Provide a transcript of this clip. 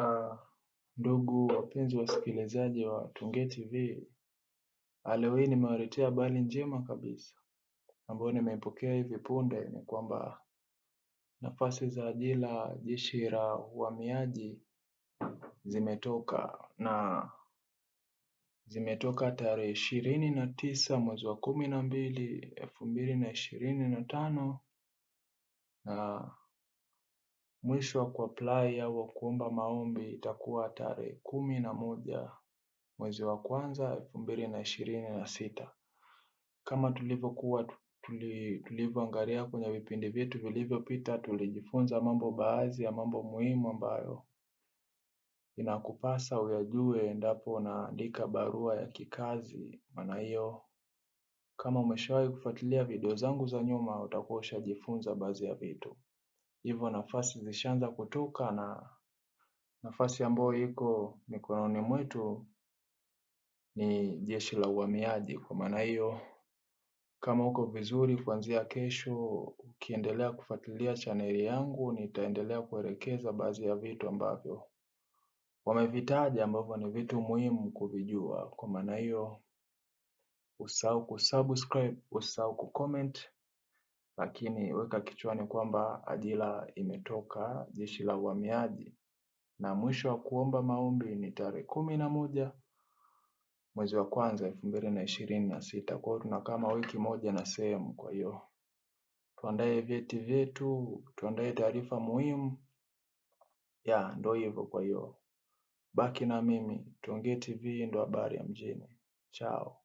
Ah, ndugu wapenzi wasikilizaji wa Tunge TV leo hii nimewaletea habari njema kabisa ambayo nimeipokea hivi punde ni kwamba nafasi za ajira jeshi la uhamiaji zimetoka na zimetoka tarehe ishirini na tisa mwezi wa kumi na mbili elfu mbili na ishirini na tano na Mwisho wa kuapply au kuomba maombi itakuwa tarehe kumi na moja mwezi wa kwanza elfu mbili na ishirini na sita kama tulivyokuwa tulivyoangalia kwenye vipindi vyetu vilivyopita, tulijifunza mambo baadhi ya mambo muhimu ambayo inakupasa uyajue endapo unaandika barua ya kikazi. Maana hiyo, kama umeshawahi kufuatilia video zangu za nyuma, utakuwa ushajifunza baadhi ya vitu hivyo nafasi zishaanza kutoka na nafasi ambayo iko mikononi mwetu ni jeshi la uhamiaji. Kwa maana hiyo, kama uko vizuri, kuanzia kesho ukiendelea kufuatilia chaneli yangu, nitaendelea kuelekeza baadhi ya vitu ambavyo wamevitaja ambavyo ni vitu muhimu kuvijua. Kwa maana hiyo, usahau kusubscribe, usahau kucomment lakini weka kichwani kwamba ajira imetoka jeshi la uhamiaji na mwisho wa kuomba maombi ni tarehe kumi na moja mwezi wa kwanza elfu mbili na ishirini na sita. Kwa hiyo tuna kama wiki moja na sehemu. Kwa hiyo tuandae vyeti vyetu, tuandae taarifa muhimu ya ndo hivyo. Kwa hiyo baki na mimi, tuongee TV, ndo habari ya mjini. Chao.